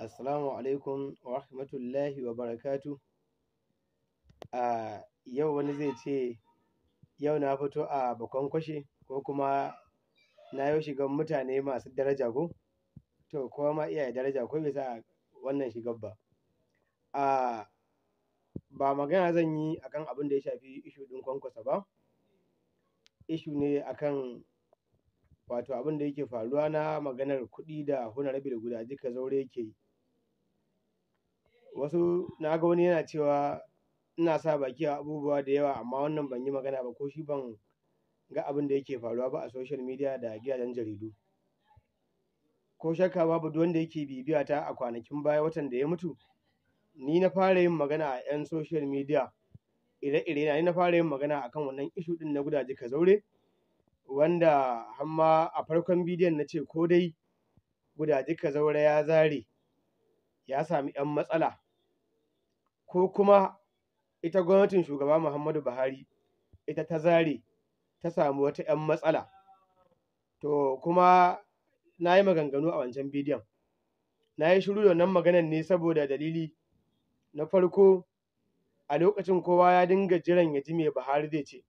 Assalamu alaikum wa rahmatullahi wa barakatu. yau wani zai ce, yau na fito a bakon kwashe ko kuma na yau shigan mutane masu daraja ko? To, kowa ma iyaye daraja ko bisa wannan shigar ba. a ba magana zan yi akan abin da ya shafi ishu ɗin kwankwasa ba. Ishu ne akan wato abin da yake faruwa na maganar kuɗi da honorable guda jika zaure yake yi wasu na ga wani yana cewa ina sa baki a abubuwa da yawa amma wannan ban yi magana ba ko shi ban ga abin da yake faruwa ba a social media da gidajen jaridu ko shakka babu duk wanda yake bibiya ta a kwanakin baya watan da ya mutu ni na fara yin magana a 'yan social media ire-ire na ni na fara yin magana akan wannan ishu din na gudaje ka zaure wanda hamma a farkon bidiyon na ce ko dai gudaje ka zaure ya zare ya sami 'yan matsala ko kuma ita gwamnatin shugaba Muhammadu Buhari ita ta zare ta samu wata 'yan matsala to kuma na yi maganganu a wancan bidiyon na yi shiru da nan maganan ne saboda dalili na farko a lokacin kowa ya dinga jiran ya ji mai Buhari zai ce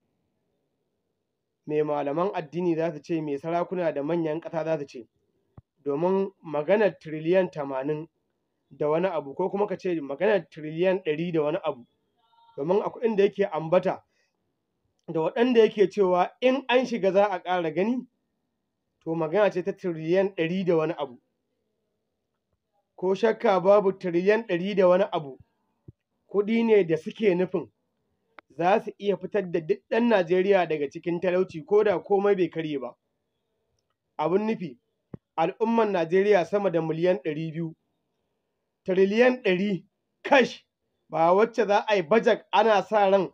mai malaman addini za su ce mai sarakuna da manyan ƙasa za su ce domin maganar tiriliyan tamanin da wani abu ko kuma ka ce magana triliyan ɗari da wani abu domin akwai inda yake ambata da waɗanda yake cewa in an shiga za a ƙara gani to magana ce ta triliyan ɗari da wani abu ko shakka babu tiriliyan ɗari da wani abu kuɗi ne da suke nufin za su iya fitar da duk ɗan Najeriya daga cikin talauci ko da komai bai karye ba. Abin nufi, al'umman Najeriya sama da miliyan ɗari biyu tiriliyan ɗari kash ba wacce za a yi bajak ana sa ran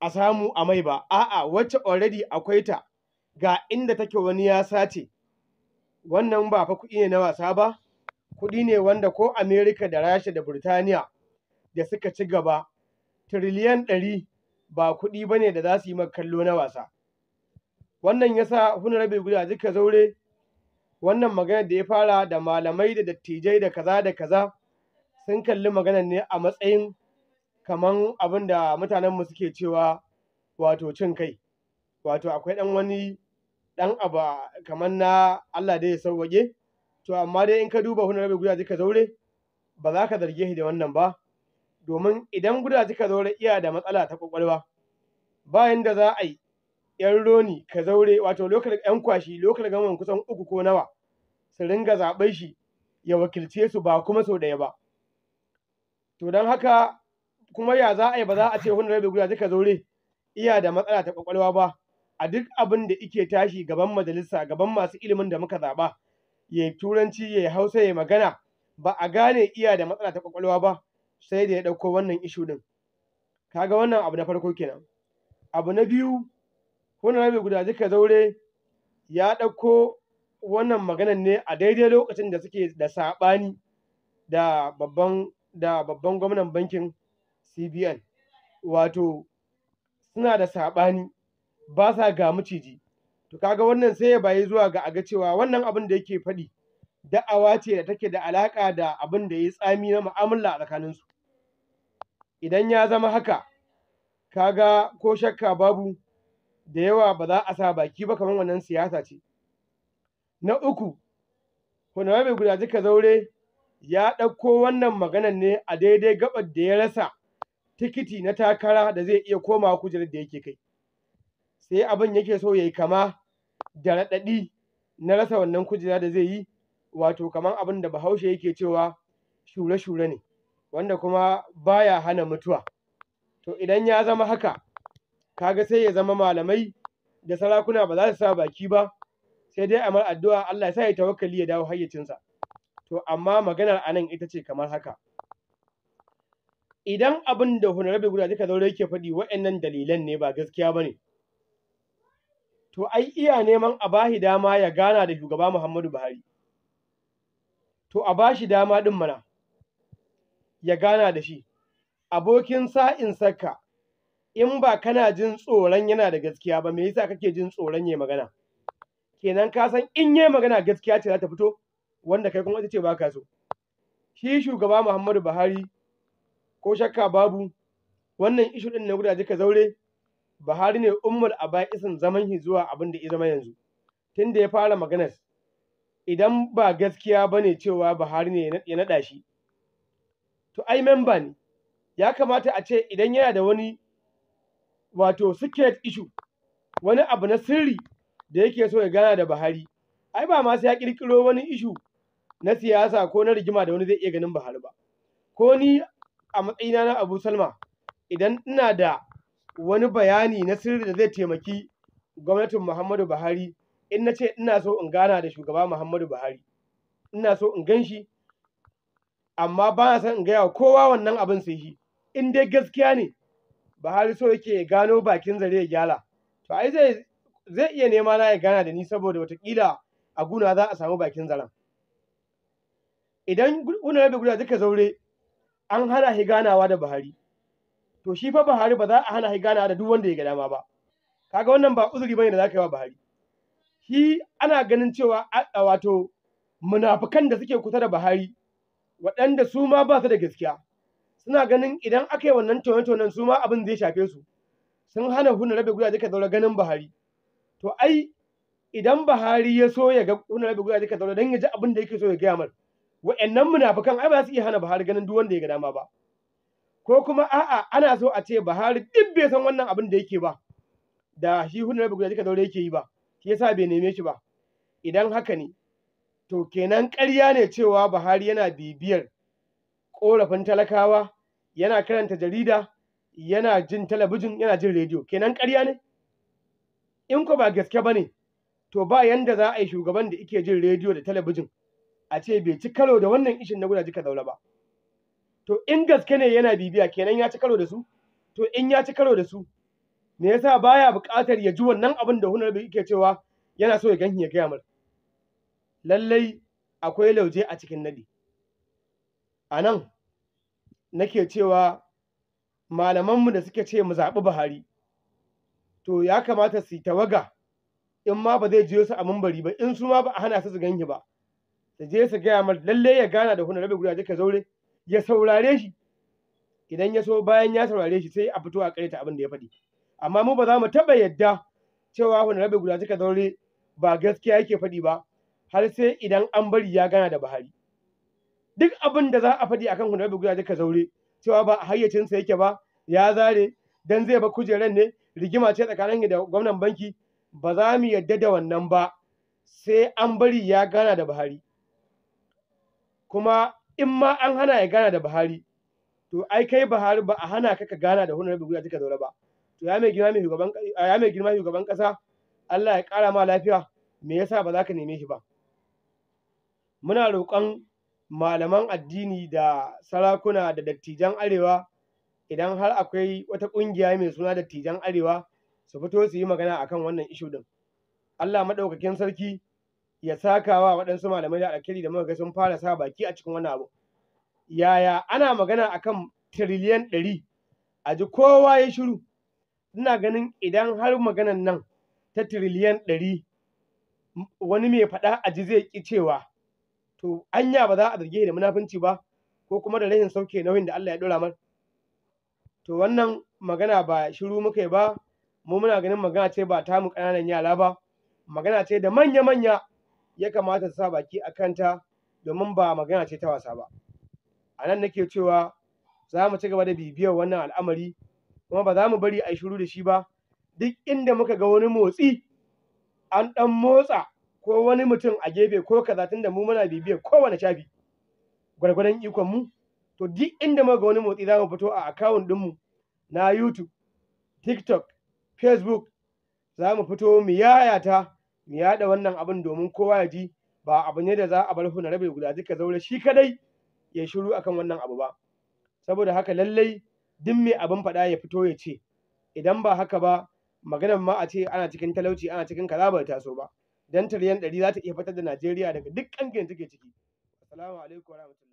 a samu a mai ba a'a wacce already akwai ta ga inda take wani ya sace wannan ba fa kuɗi ne na wasa ba kuɗi ne wanda ko Amerika da Rasha da Burtaniya da suka ci gaba tiriliyan ɗari ba kuɗi ba ne da za su yi kallo na wasa wannan yasa hunarabe guda duka zaure wannan maganar da ya fara da malamai da dattijai da kaza da kaza sun kalli maganar ne a matsayin kaman abin da mutanenmu suke cewa wato cin kai wato akwai ɗan wani ɗan abu kamar na Allah dai ya sauwaƙe to amma dai in ka duba hunar rabe guda ka zaure ba za ka zarge shi da wannan ba domin idan guda ka zaure iya da matsala ta ƙwaƙwalwa bayan da za a yi 'yan roni ka zaure wato lokal 'yan kwashi lokal gaman kusan uku ko nawa su ringa zaɓe shi ya wakilce su ba kuma sau ɗaya ba to don haka kuma ya za a yi ba za a ce wani rabe guda duka zaure iya da matsala ta kwakwalwa ba a duk abin da ike tashi gaban majalisa gaban masu ilimin da muka zaɓa ya yi turanci ya yi hausa ya magana ba a gane iya da matsala ta kwakwalwa ba sai da ya ɗauko wannan ishu ɗin kaga wannan abu na farko kenan abu na biyu wannan rabi guda duka zaure ya ɗauko wannan maganan ne a daidai lokacin da suke da saɓani da babban da babban gwamnan bankin cbn wato suna da saɓani ba sa ga maciji to kaga wannan sai ya bayi zuwa ga aga cewa wannan abin da yake faɗi da'awa ce da take da alaƙa da abin da ya yi tsami na mu'amala a tsakaninsu idan ya zama haka kaga ko shakka babu da yawa ba za a sa baki ba kamar wannan siyasa ce na uku guda jika zaure ya ɗauko wannan maganar ne a daidai gabar da ya rasa tikiti na takara da zai iya komawa kujerar da yake kai sai abin yake so ya yi kama da raɗaɗi na rasa wannan kujera da zai yi wato kamar abin da bahaushe yake cewa shure-shure ne wanda kuma baya hana mutuwa to idan ya zama haka kaga sai ya zama malamai da sarakuna ba za su sa baki ba sai dai a mar addu'a Allah ya sa ya tawakkali ya dawo hayyacinsa to amma maganar anan ita ce kamar haka idan abin da honorable guda duka zaure yake faɗi wa'annan dalilan ne ba gaskiya ba ne to ai iya neman a bashi dama ya gana da shugaba Muhammadu Buhari to a bashi dama din mana ya gana da shi abokin sa'in saka in ba kana jin tsoron yana da gaskiya ba me yasa kake jin tsoron yayi magana kenan ka san in yayi magana gaskiya ce za ta fito wanda kai kuma ita ce baka so shi shugaba Muhammadu Buhari ko shakka babu wannan issue din na gudaje ka zaure Buhari ne ummul aba'isin zaman shi zuwa abin da ya zama yanzu tunda ya fara maganar idan ba gaskiya bane cewa Buhari ne ya naɗa shi to ai memba ne ya kamata a ce idan yana da wani wato secret issue wani abu na sirri da yake so ya gana da Buhari ai ba ma sai ya kirkiro wani issue na siyasa ko na rigima da wani zai iya ganin Buhari ba ko ni a matsayina na Abu Salma idan ina da wani bayani na sirri da zai taimaki gwamnatin Muhammadu Buhari in na ce ina so in gana da shugaba Muhammadu Buhari ina so in gan shi amma ba na son in gaya wa kowa wannan abin sai shi in dai gaskiya ne Buhari so yake ya gano bakin zare ya gyala. To ai zai zai iya nema na ya gana da ni saboda watakila a guna za a samu bakin zaren. Idan guna rabe guda duka zaure an hana shi ganawa da Buhari. To shi fa Buhari ba za a hana shi ganawa da duk wanda ya ga dama ba. Kaga wannan ba uzuri bane da za ka yi wa Buhari. Shi ana ganin cewa wato munafukan da suke kusa da Buhari waɗanda su ma ba su da gaskiya. suna ganin idan aka yi wannan tone-tonen su ma abin zai shafe su sun hana rabe guda ka zaura ganin Buhari to ai idan Buhari ya so ya ga rabe gudaje ka zaura dan ya ji abin da yake so ya gaya mar wa'annan munafukan ai ba su iya hana Buhari ganin duk wanda ya ga dama ba ko kuma a'a ana so a ce Buhari duk bai san wannan abin da yake ba da shi rabe gudaje ka zaura yake yi ba shi yasa bai neme shi ba idan haka ne to kenan ƙarya ne cewa Buhari yana bibiyar ƙorafin talakawa yana karanta jarida yana jin talabijin yana jin rediyo kenan ƙarya ne in ko ba gaske ba ne to ba yanda za a yi shugaban da ike jin rediyo da talabijin a ce bai ci karo da wannan ishin na gudaji ka zaula ba to in gaske ne yana bibiya kenan ya ci karo da su to in ya ci karo da su me yasa baya buƙatar ya ji wannan abin da hunar bai ke cewa yana so ya ganhi ya gaya mar lallai akwai lauje a cikin nadi a nan nake cewa malamanmu da suke ce mu zaɓi Buhari to ya kamata su yi tawaga in ma ba zai jiyo su a mambari ba in su ma ba a hana su su ganyi ba Da je su gaya mar lalle ya gana da hunarabe guda jika zaure ya saurare shi idan ya so bayan ya saurare shi sai a fito a ta abin da ya faɗi amma mu ba za mu taɓa yadda cewa hunarabe guda jika zaure ba gaskiya yake faɗi ba har sai idan an bari ya gana da Buhari duk abin da za a faɗi akan Honorable duka zaure cewa ba a hayyacinsa yake ba ya zare dan zai ba kujeran ne rigima ce tsakanin da gwamnan banki ba za mu yadda da wannan ba sai an bari ya gana da Buhari kuma in ma an hana ya gana da Buhari to ai kai Buhari ba a hana ka ka gana da Honorable duka zaure ba to ya mai girma mai girma shugaban kasa Allah ya kara ma lafiya me yasa ba za ka neme shi ba muna roƙon malaman addini da sarakuna da dattijan arewa idan har akwai wata ƙungiya mai suna dattijan arewa su fito su yi magana akan wannan ishu din Allah madaukakin sarki ya sakawa wa waɗansu malamai da alkhairi da muka sun fara sa baki a cikin wannan abu yaya ana magana akan tiriliyan ɗari a ji kowa ya shiru ina ganin idan har maganan nan ta tiriliyan ɗari wani mai faɗa a ji zai ƙi cewa to anya ba za a zarge da munafunci ba ko kuma da rashin sauke nauyin da Allah ya dora mar to wannan magana ba shiru muka ba mu muna ganin magana ce ba ta mu ƙananan yara ba magana ce da manya manya ya kamata su sa baki a kanta domin ba magana ce ta wasa ba a nan nake cewa za mu ci gaba da bibiyar wannan al'amari kuma ba za mu bari a yi shiru da shi ba duk inda muka ga wani motsi an ɗan motsa ko wani mutum a gefe ko kaza da mu muna bibiya kowane shafi gwargwadon ikon mu to duk inda muka ga wani motsi za mu fito a akawun ɗinmu na YouTube, TikTok, Facebook za mu fito mu yayata mu yaɗa wannan abin domin kowa ya ji ba abu ne da za a bar rabe guda duka zaure shi kadai ya shiru akan wannan abu ba saboda haka lallai duk mai abin faɗa ya fito ya ce idan ba haka ba maganar ma a ce ana cikin talauci ana cikin kaza ba ta so ba dan tiriyan ɗari za ta iya fitar da Najeriya daga dukkan gine take ciki. Assalamu alaikum warahmatullahi